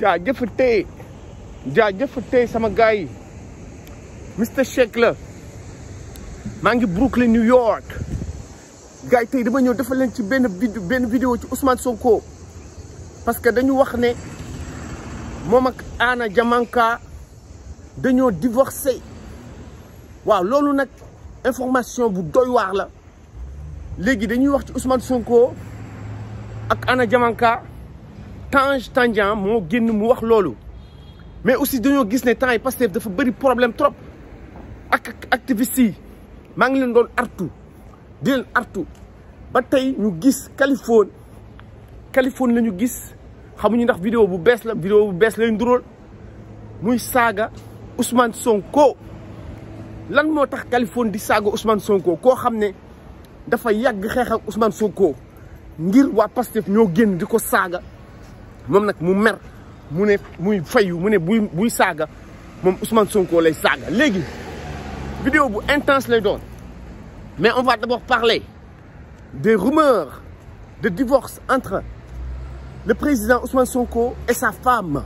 jaa jëf tey jaa jëf tey sama gars yi Mister Shake la maa ngi Brooklyn New York gars yi tey dama ñëw defal leen ci benn benn vidéo ci Ousmane Sonko parce que dañu wax ne moom ak Anna Diamanka dañoo divorcé waaw loolu nag information bu doy waar la léegi dañuy wax ci Ousmane Sonko ak Anna Diamanka Tange Tandian moo génn mu wax loolu mais aussi dañoo gis ne temps yi Pastef dafa bëri problème trop ak activistes yi maa ngi leen doon artu di leen artu ba tey ñu gis Californie Californie lañu gis xamuñu ndax vidéo bu bees la vidéo bu bees lañ duróol muy saaga Ousmane Sonko lan moo tax Californie di saaga Ousmane Sonko koo xam ne dafa yàgg xeex ak Ousmane Sonko ngir waa Pastef ñoo génn di ko saaga moom nak mu mer mu ne muy fayu mu buy buy Ousmane Sonko lay vidéo intense lay mais on va d'abord parler des rumeurs de divorce entre le président Ousmane Sonko et sa femme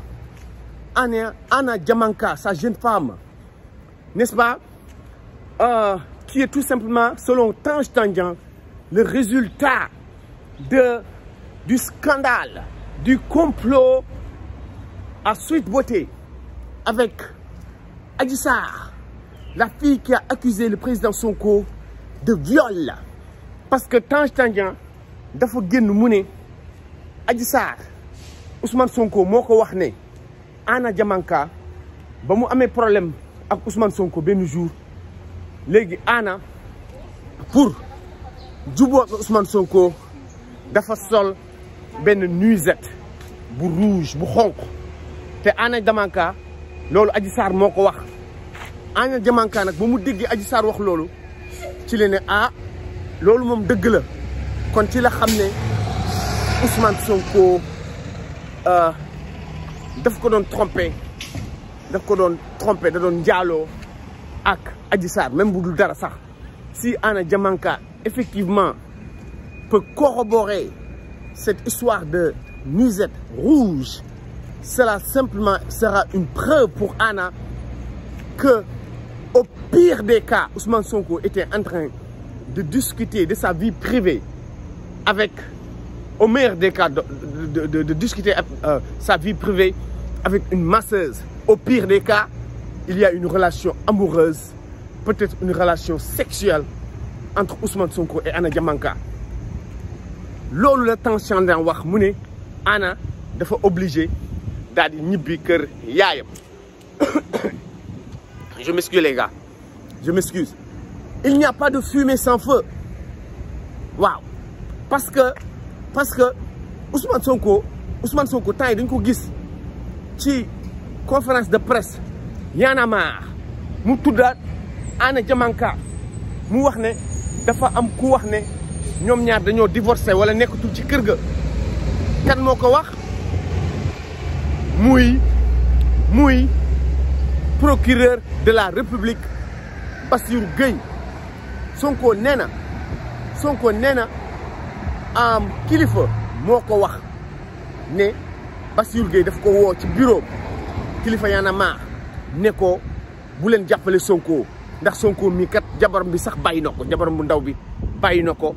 Anna Anna Diamanka sa jeune femme n'est-ce pas euh, qui est tout simplement selon Tange Tangian, le résultat de du scandale du complot à suite Beauté avec Adjissar, la fille qui a accusé le président Sonko de viol. Parce que tant que dafa génn mu ne Adissar Ousmane Sonko moko ko wax ne Anna Diamanka ba eu un problème avec Ousmane Sonko ben jour eu un pour avec Ousmane Sonko dafa sol une nuisette bu rouge bu te Anna Diamanka aji Sarr moko wax Anna Diamanka nak ba mu aji sar wax loolu ci a ah la kon ci la xamné Ousmane Sonko euh, daf ko trompé daf trompé da ak même dara sax si Anna Diamanka effectivement peut corroborer cette histoire de nuisette rouge, cela simplement sera une preuve pour Anna que, au pire des cas, Ousmane Sonko était en train de discuter de sa vie privée avec, Omer, de, discuter euh, sa vie privée avec une masseuse. Au pire des cas, il y a une relation amoureuse, peut-être une relation sexuelle entre Ousmane Sonko et Anna Diamanka. Lorsque la tension en wax Anna dafa obligé d'aller di ñibbi kër je m'excuse les gars je m'excuse il n'y a pas de fumée sans feu waaw parce que parce que Ousmane Sonko Ousmane Sonko tay dañ ko gis ci conférence de presse yana a marre mu Anna Diamanka mu wax ne dafa am ku wax ñom ñaar dañoo divorcé wala nekkatul ci kër ga kan moo wax muy muy procureur de la république parce Gueye Sonko nee Sonko nee am kilifa moo wax ne Gueye daf ko bureau kilifa ko bu Sonko ndax Sonko kat ko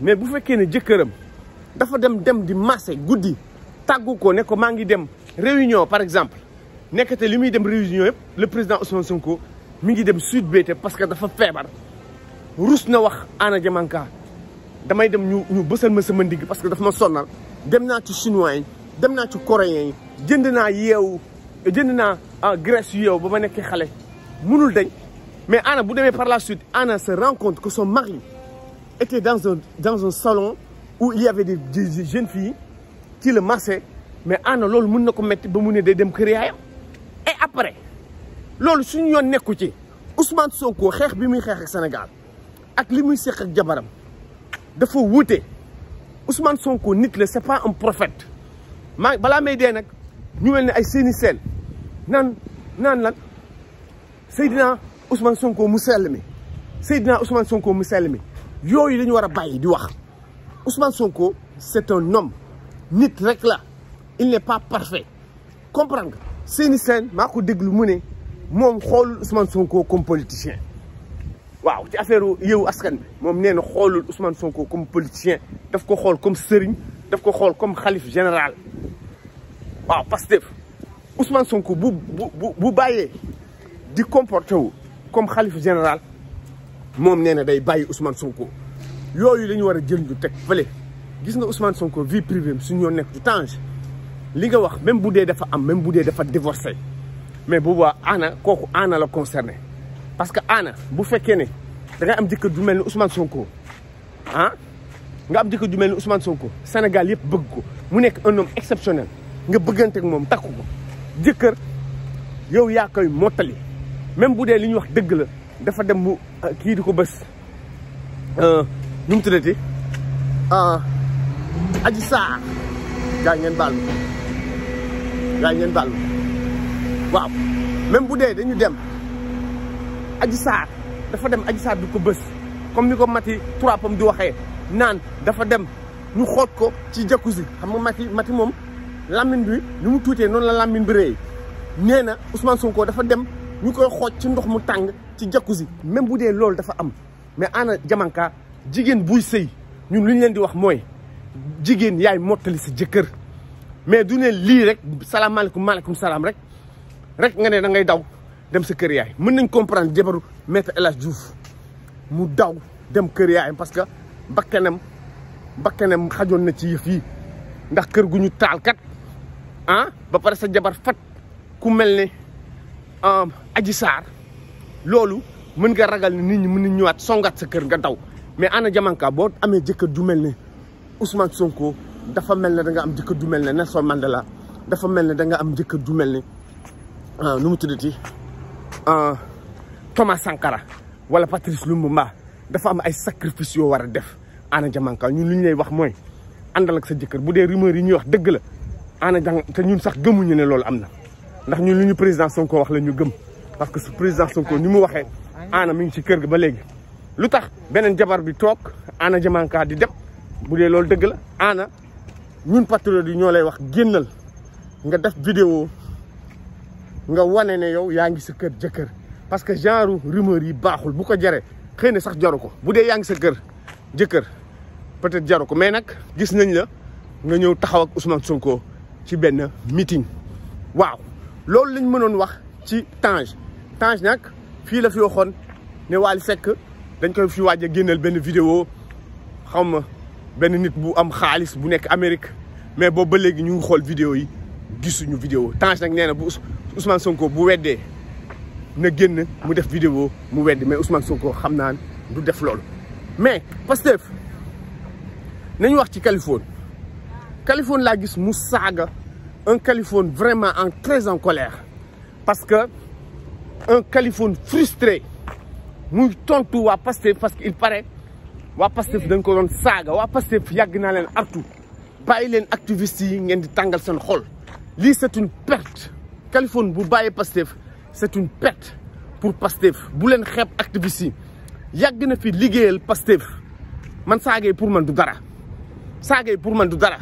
mais bu fekkee ne dafa dem dem di marché goudi ko ne ko dem réunion par exemple ne dem réunion le président Ousmane Sonko mi dem sud bété parce que dafa na wax Anna Diamanka damay dem ñu ñu ma sama parce que ma dem na ci chinois dem na ci coréens jënd na yew. jënd naa ah, graisse Grèce, ba ma nekkee xalé mënul dañ mais Anna bu démé par la suite Anna se rend compte que son mari était dans un, dans un salon où il y avait des, des, des jeunes filles qui le massaient mais ana ah loolu mën na ko métti ba mu ne day dem kër et après loolu suñu yoon nekku ci Ousmane Sonko xeex bi muy xeex ak Sénégal ak li muy seq ak jabaram dafa wuute Ousmane Sonko nit la c'est pas un prophète maa balaa may dee nag ñu mel ne ay seeni seel nan, nan. lan Seydina Ousmane Sonko mu sell mi Seydina Ousmane Sonko mu sell mi yoy la ñu wara bayyi di wax Ousmane Sonko c'est un homme nit rek la il n'est pas parfait comprendre nga seeni seen ma ko déglu mu ne Ousmane Sonko comme politicien waaw ci affaire yow askan mom moom nee Ousmane Sonko comme politicien daf ko xol comme serigne daf ko xol comme khalife général waaw Pasteur. Ousmane Sonko bu bu bu bayé. di comporter comme khalife général mom nee day bàyyi Ousmane Sonko yooyu la wara war a jël ñu teg fële gis nga Ousmane Sonko vie privée suñu yoon nekk du Tange li nga wax même bu dee dafa am même bu dee dafa divorcé mais bu wa ana kooku ana la concerné parce que ana bu fekkee né da nga am jëkkër du melni Ousmane Sonko ah nga am jëkkër du melni Ousmane Sonko Sénégal yépp bëgg ko mu nek un homme exceptionnel nga bëggante ak mom takku ko jëkkër yow ya koy motali même bu dee li ñuy wax dëgg la. dafa dem mu ah, kii di ko bës ñu euh, mu tuddati euh, aji saar gaa ngeen baal ma gaa ngeen baal ma waaw même bu dee dañu dem aji saar dafa dem aji saar di ko bës comme ni ko mati turapam di waxee naan dafa dem ñu xoot ko ci si xam nga mati mati moom lammin bi ni mu tuutee noonu la lammin bi rëy nee na Ousmane Sonko dafa dem ñu koy xooj ci ndox mu tàng ci si même bu dee loolu dafa am mais ana jamanka jigéen buy sëy ñun li ñu leen di wax mooy jigéen yaay mottali si jëkkër mais du ne lii rek salaamaaleykum maaleykum salaam rek rek nga ne da ngay daw dem si kër yaay mën nañ comprendre jabaru maître El Hadj Diouf mu daw dem kër yaay parce que bakkanam bakkanam xajoon na ci yëf yi ndax kër gu ñu taal kat ah ba pare sa jabar fat ku mel ne um, aji Sarr loolu mën nga ragal ni nit ñi mën nañ ñëwaat songaat sa kër nga daw mais ana Diamanka boo amee jëkkër ju mel ne Ousmane Sonko dafa mel ne da nga am jëkkër ju mel ne Nelson Mandela dafa mel ne da nga am jëkkër ju mel ne ah, nu mu tuddati ah, Thomas Sankara wala Patrice Lumumba dafa am ay sacrifice yoo war a def ana Diamanka ñun li ñu lay wax mooy àndal ak sa jëkkër bu dee rumeur yi ñuy wax dëgg la ana jàng ñun sax gëmuñu ne loolu am na ndax ñun li ñu président Sonko wax la ñu gëm. parce que ce président Sonko ni mu waxé ana mi ngi ci kër gi ba légui lutax benen jabar bi tok ana jamanka di dem bu lol deug la ana ñun patriote yi ñolay wax gennal nga def vidéo nga wané né yow yaangi ngi sa kër jëkër parce que genre rumeur yi baxul bu ko jaré xeyna sax jaru ko bu dee yaa sa kër jëkër peut-être jaru ko mais nak gis nañ la nga ñëw taxaw ak Ousmane Sonko ci ben meeting waaw lolou lañ mënon wax Tange Tange la fi ne koy fi a vidéo Je ben nit bu am bu Amérique mais bo ba ñu vidéo yi vidéo Tange bu Ousmane Sonko bu vidéo mais Ousmane Sonko mais Pastef nañ wax ci Californie Californie gis un Californie vraiment en très en colère parce que un califone frustré muy tontu wa Pastef parce qu'il il paraît waa Pastef dañ ko saga, wa Pastef yàgg artu baye len activistes yi ngeen di tangal seen xol li c'est une perte califone bu baye Pastef c'est une perte pour Pastef bu len xeeb activistes yi na fi Pastef man saaga pour man du dara saaga pour man du dara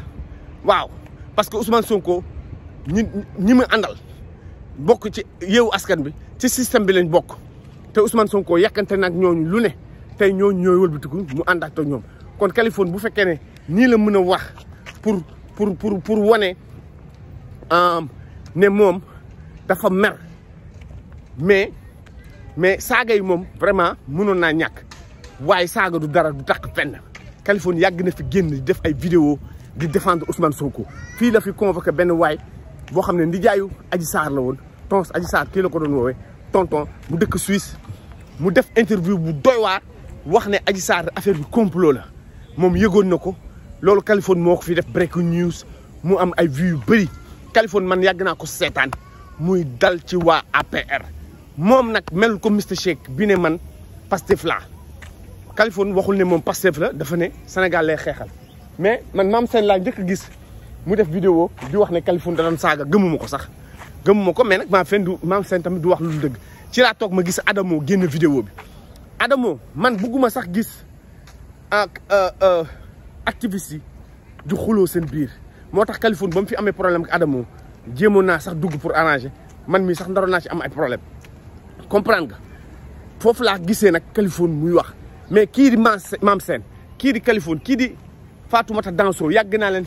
waaw parce que Ousmane Sonko ñi ñi me andal bok ci yeewu askan bi ci système bi lañ bok Ousmane Sonko yakanté nak ñooñu lu ñooñu mu ak ñoom kon Californie bu ne la wax pour pour pour pour euh ne mom dafa mer mais mais vraiment mënoon na ñak été saga du dara du tak fenn Californie yag na fi génn def ay vidéo di défendre Ousmane Sonko Il la fi convoqué ben boo xam ne aji sar la won tons aji sar ki la ko doon woowee tonton bu dëkk Suisse mu def interview bu doy waar wax ne Adji Sarr affaire bi complot la mom yëgoon nako lolou loolu moko fi def break news mu am ay vues yu bëri Californie man yag naa ko seetaan muy dal ci wa APR mom nak mel ko mr Shake bi ne man Pastef la Californie waxul né mom Pastef la dafa né Sénégal lay xeexal mais man mam sen la njëkk gis mu def vidéo di wax né Kalifone da doon saga gëmuma sax gëmuma mais nak ma fen du maam seen tamit du wax lu deug ci la tok ma gis Adamo génné vidéo bi Adamo man bugguma sax gis ak euh euh activiste du xulo sen bir motax Kalifone bam fi amé problème ak Adamo jéemoon sax dugg pour arranger man mi sax ndaroon naa ci am ay problème comprendre nga fofu la gisee nak Kalifone muy wax mais ki di mam sen ki di Kalifone ki di Fatoumata Danso yàgg len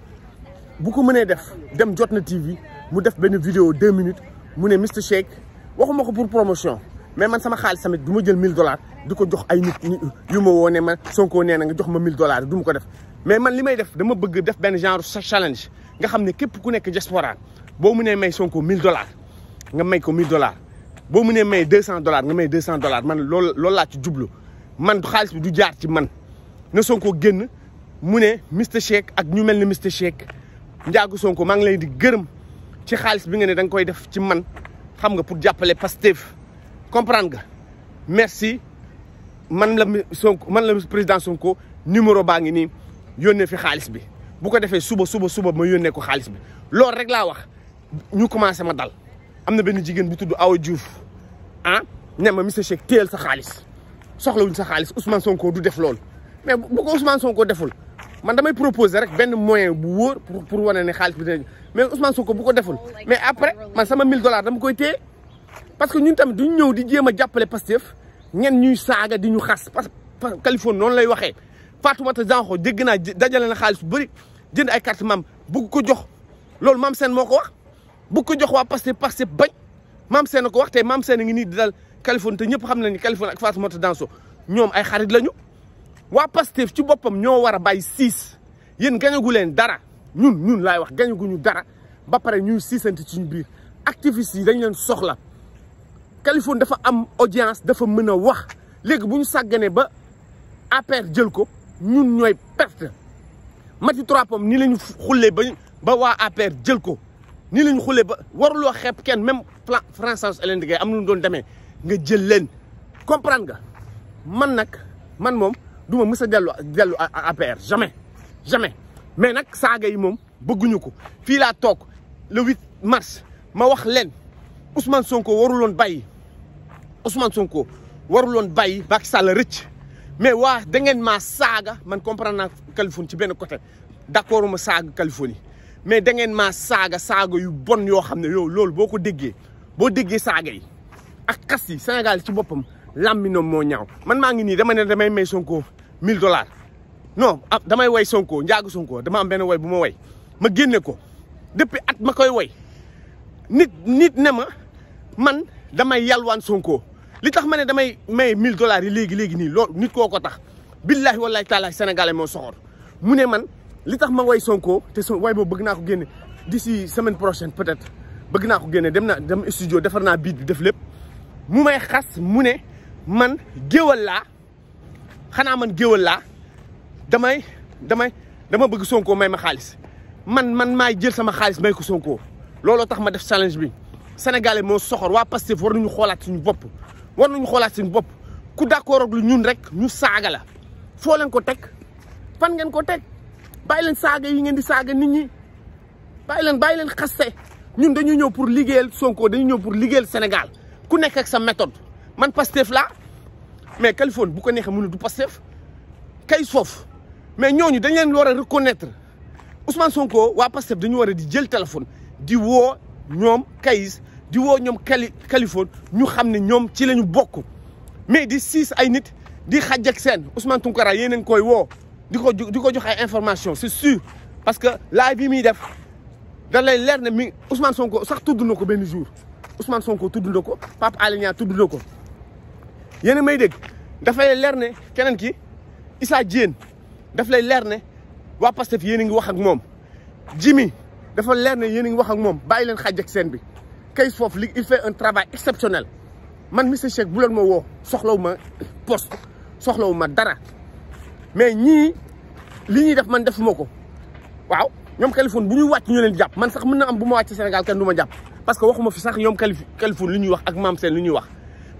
beaucoup de def dem jotna TV mu def vidéo deux minutes mu Mr Mister Shake pour promotion mais man sama xaliss tamit duma jël 1000 dollars diko jox ay nit yu man Sonko nga jox ma 1000 dollars ko def. mais man limay def dama bëgg def genre challenge nga xamné képp ku nek diaspora bo ils may Sonko 1000 dollars nga may ko 1000 dollars Ils may 200 dollars nga may 200 dollars man lool ont ci djublu man xaliss du jaar ci man Sonko Shake ak ñu Shake. njaagu Sonko maa ngi leen di gërëm ci xaalis bi nga ne da koy def ci man xam nga pour jàppale Pastef comprendre nga merci man la Sonko man la président Sonko numéro baa ngi nii yónnee fi xaalis bi bu ko defee suba suba suba ma yónnee ko xaalis bi loolu rek laa wax ñu commencé ma dal am na benn jigéen bu tudd Awa Diouf ah ne ma monsieur Cheikh téyel sa xaalis soxla soxlawuñ sa xaalis Ousmane Sonko du def loolu mais bu ko Ousmane Sonko deful. man damay proposer rek benn moyen bu woor pour pour woné ne xaalis bi dinañ mais Ousmane Sonko bu ko deful mais après man sama 1000 dollars dama koy téye parce que ñun tamit duñ ñëw di jéma a jàppale Pastef ñen ñuy saga di ñu xass parce que Californie non lay waxee Fatoumata Danko dégg na dajalé na xaalis bu bëri jënd ay carte mam bu ko jox lool mam sen moko wax bu ko jox wa Pastef Pastef bañ maam seen a ko wax té mam sen ngi nii dal Californie te ñëpp xam nañ ne Californie ak Fatoumata Danso ñom ay xarit lañu. waa Pastef ci boppam ñoo war a bàyyi siis yéen gañagu leen dara ñun ñun laay wax gañaguñu dara ba pare ñuy siisanti ci biir activistes yi dañ leen soxla Kaliphone dafa am audience dafa mën a wax léegi bu ñu sàgganee ba APR jël ko ñun ñooy perte Mati Trois Pommes nii la ñu xullee ba waa APR jël ko nii la ñu ba waruloo xeeb kenn même Françoise Hélène Gaye am na doon demee nga jël leen comprendre nga man nag man moom du ma mës a dellu APR jamais jamais mais nak saaga yi moom bëgguñu ko fi la tok le 8 mars ma wax len Ousmane Sonko waruloon bàyyi Ousmane Sonko waruloon bàyyi Macky Sall rëcc mais wa da ngeen ma saga man comprendre naa Californie ci ben côté d'accord ma saga Californie mais da ngeen ma saga saga yu bon yo xam ne yow loolu boo ko déggee boo déggee yi ak xas yi Sénégal ci bopam làmmiñam moo ñaaw man maa ngi nii dama ne damay may sonkoo mil dollars no ah damay way Sonko njaag sonkoo dama am benn way bu ma way ma génne ko depuis at ma koy way nit nit ne ma man damay yalwaan Sonko li tax ma ne damay may 1000 dollars yi léegi léegi nii lool nit koo ko tax billahi wallahi taala sénégalais moo soxor mu ne man li tax ma way Sonko te so way boobu bëgg naa ko génne si semaine prochaine peut-être bëgg naa ko génne dem na dem studio defar naa biit bi def lépp mu may xas mu ne. man géwal laa xanaa man géwal laa damay damay dama bëgg Sonko may ma xaalis man man maay jël sama xaalis may ko Sonko looloo tax ma def challenge bi sénégalais moo soxor waa Pastef war ñu xoolaat suñu bopp war nañu xoolaat suñu bopp ku d'accord ak lu ñun rek ñu saaga la foo leen ko teg fan ngeen ko teg bàyyi leen saaga yi ngeen di saaga nit ñi bàyyi leen bàyyi leen xaste ñun dañu ñëw pour liggéeyal Sonko dañu ñëw pour liggéeyal Sénégal ku nekk ak sa méthode man Pastef la mais Kaliphone bu ko nexe munu du Pastef kay soof mais ñooñu dañ leen wara reconnaître Ousmane Sonko wa Pastef dañu wara di jël téléphone di wo ñom Kayis di wo ñom Kali ñu xam ñom ci lañu ñu bokk mais di siis ay nit di xàjj ak seen Ousmane Tounkara yeen a ngi koy woo di ko di jox ay information c'est sûr parce que laaj bi muy def da lay leer ne Ousmane Sonko sax tuddu nako ko benn jour Ousmane Sonko tuddu nako ko Pape Alé Niang tudd yéen may dégg dafay leer ne keneen ki Issa Diène daf lay leer ne waa Pastef yéen a ngi wax ak moom Jimmy dafa leer ne yéen a ngi wax ak moom bàyyi leen xàjj ak seen bi kay foofu li il fait un travail exceptionnel man monsieur Cheikh bu leen ma woo soxlawu ma poste soxlawu ma dara mais ñii li ñuy def man defuma ko waaw ñoom Kaliphone bu ñuy wàcc ñu leen jàpp man sax mën na am bu ma wàcc Sénégal kenn du ma jàpp parce que waxuma fi sax ñoom Kaliphone li ñuy wax ak maam seen li ñuy wax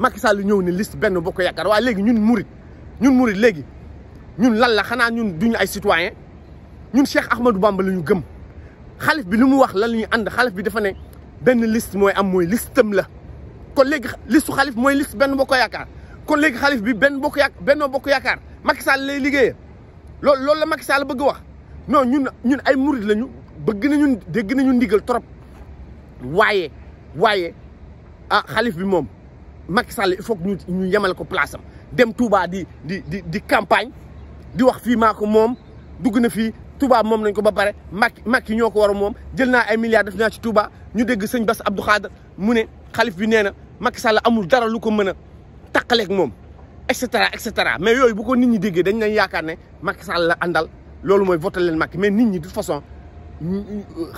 Macky Sall ñëw ne list benn bokku yaakaar waa léegi ñun murit ñun murit léegi ñun lan la xanaa ñun duñu ay citoyen ñun Cheikh Ahmadou Bamba la ñu gëm xalif bi li mu wax lan la ñuy ànd xalif bi dafa ne benn list mooy am mooy listam la kon léegi listu xalif mooy liste benn bokk yaakaar kon léegi xalif bi benn bokk yaak bennoo bokk yaakaar Macky Sall lay liggéeyee loolu loolu la Macky Sall bëgg wax non ñun ñun ay murit lañu bëgg nañu dégg nañu ndigal trop waaye waaye a ah, xalif bi moom Macky Sall il faut que ñu ñu yemal ko place am dem Touba di di di campagne di wax fi mako mom moom dugg na fii Touba mom nañ ko ba paré Macky Macky ñoko ko war a jël na ay milliards def naa ci Touba ñu dégg sëñ Bass Abdou Khader mu ne xalif bi nee na Macky Sall amul dara lu ko mën a taqaleeg moom etc cetera mais yoy bu ko nit ñi déggee dañ lañ yaakaar né Macky Sall la andal lolu moy voter len Macky mais nit ñi de toute façon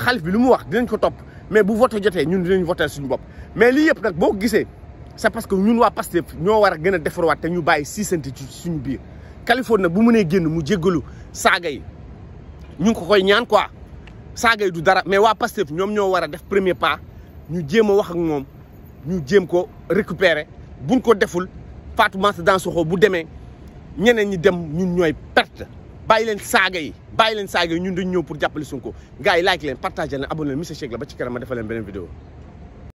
xalif bi lu mu wax dinañ ko top mais bu voter jotté ñun dinañ voter suñu bop mais li yëpp nak boo gisee. c'est parce que ñun waa Pastef ñoo war a gën a defarwaat te ñu bàyyi siisante ci suñu biir Californie nag bu nee génn mu jéggalu saaga yi ñu ngi ko koy ñaan quoi saaga yi du dara mais waa Pastef ñoom ñoo war a def premier pas ñu jéem a wax moom ñu jéem ko récupérer buñ ko deful Fatoumata Dansoxo bu demee ñeneen ñi dem ñun ñooy perte bàyyi leen saaga yi bàyyi leen saaga yi ñun dañu ñëw pour jàppale Sonko gars yi like leen partager leen abonné leen Mister Shake beneen vidéo